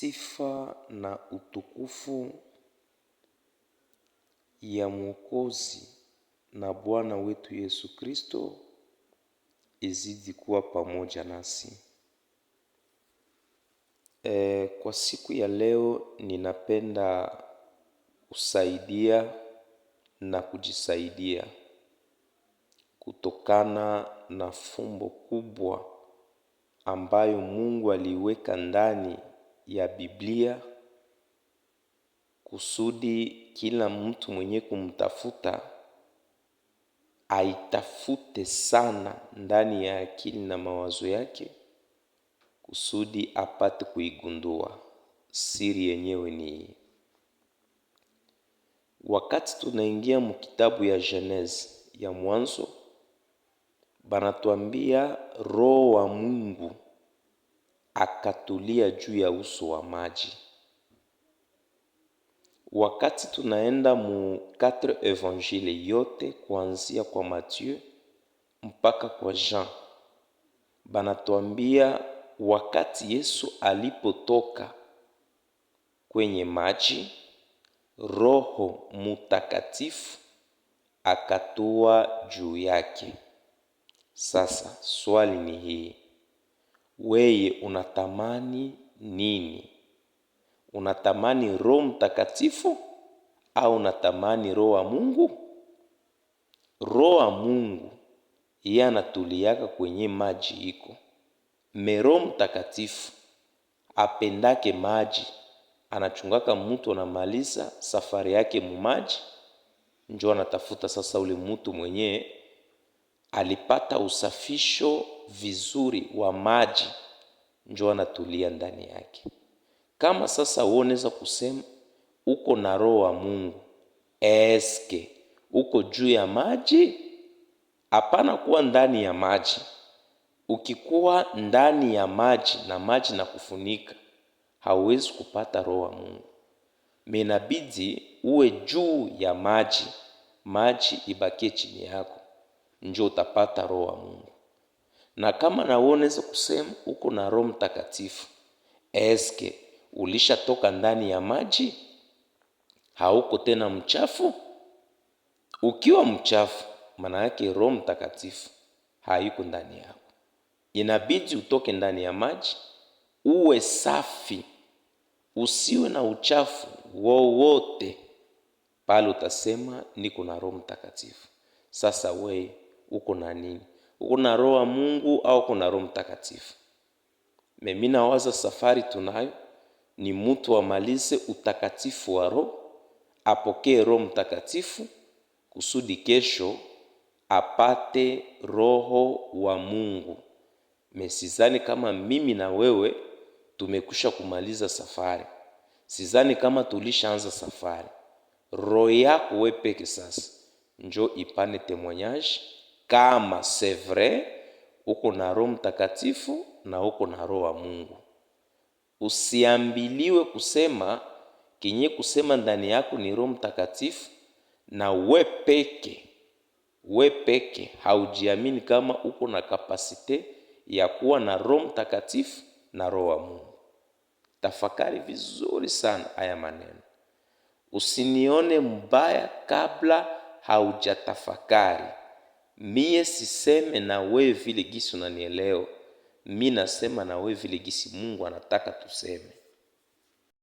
sifa na utukufu ya Mwokozi na Bwana wetu Yesu Kristo izidi kuwa pamoja nasi. E, kwa siku ya leo ninapenda kusaidia na kujisaidia kutokana na fumbo kubwa ambayo Mungu aliweka ndani ya Biblia kusudi kila mtu mwenye kumtafuta aitafute sana ndani ya akili na mawazo yake kusudi apate kuigundua siri yenyewe ni Wakati tunaingia mukitabu ya Genesis ya mwanzo, banatwambia roho wa Mungu akatulia juu ya uso wa maji. Wakati tunaenda mu quatre evangile yote kuanzia kwa Mathieu mpaka kwa Jean, banatuambia wakati Yesu alipotoka kwenye maji, Roho Mutakatifu akatua juu yake. Sasa swali ni hii: wewe unatamani nini? Unatamani Roho Mtakatifu au unatamani Roho wa Mungu? Roho wa Mungu iye anatuliaka kwenye maji iko mero Mtakatifu apendake maji anachungaka mutu anamaliza safari yake mumaji, njo anatafuta sasa ule mutu mwenye alipata usafisho vizuri wa maji, njo anatulia ndani yake. Kama sasa uoneza kusema uko na roho wa Mungu, eske uko juu ya maji? Hapana, kuwa ndani ya maji. Ukikuwa ndani ya maji na maji na kufunika, hauwezi kupata roho wa Mungu. Minabidi uwe juu ya maji, maji ibakie chini yako njo utapata roho wa Mungu. Na kama na kusema uko na Roho Mtakatifu, eske ulishatoka ndani ya maji? Hauko tena mchafu? Ukiwa mchafu, maana yake Roho Mtakatifu hayuko ndani yako. Inabidi utoke ndani ya maji, uwe safi, usiwe na uchafu wowote. Pale utasema niko na Roho Mtakatifu. Sasa wewe uko na nini? Uko na roho wa Mungu au uko na Roho Mtakatifu? Mimi nawaza safari tunayo ni mtu amalize utakatifu wa roho, apokee Roho Mtakatifu kusudi kesho apate roho wa Mungu. Mesizani kama mimi na wewe tumekwisha kumaliza safari, sizani kama tulishaanza safari. Roho yako wewe peke sasa njo ipane temwanyaji kama sevre uko na Roho Mtakatifu na uko na Roho wa Mungu. Usiambiliwe kusema kinye kusema ndani yako ni Roho Mtakatifu na we peke we peke haujiamini kama uko na kapasite ya kuwa na Roho Mtakatifu na Roho wa Mungu. Tafakari vizuri sana haya maneno, usinione mbaya kabla haujatafakari miye siseme na we vile gisi unanielewa, mi nasema na we vile gisi Mungu anataka tuseme.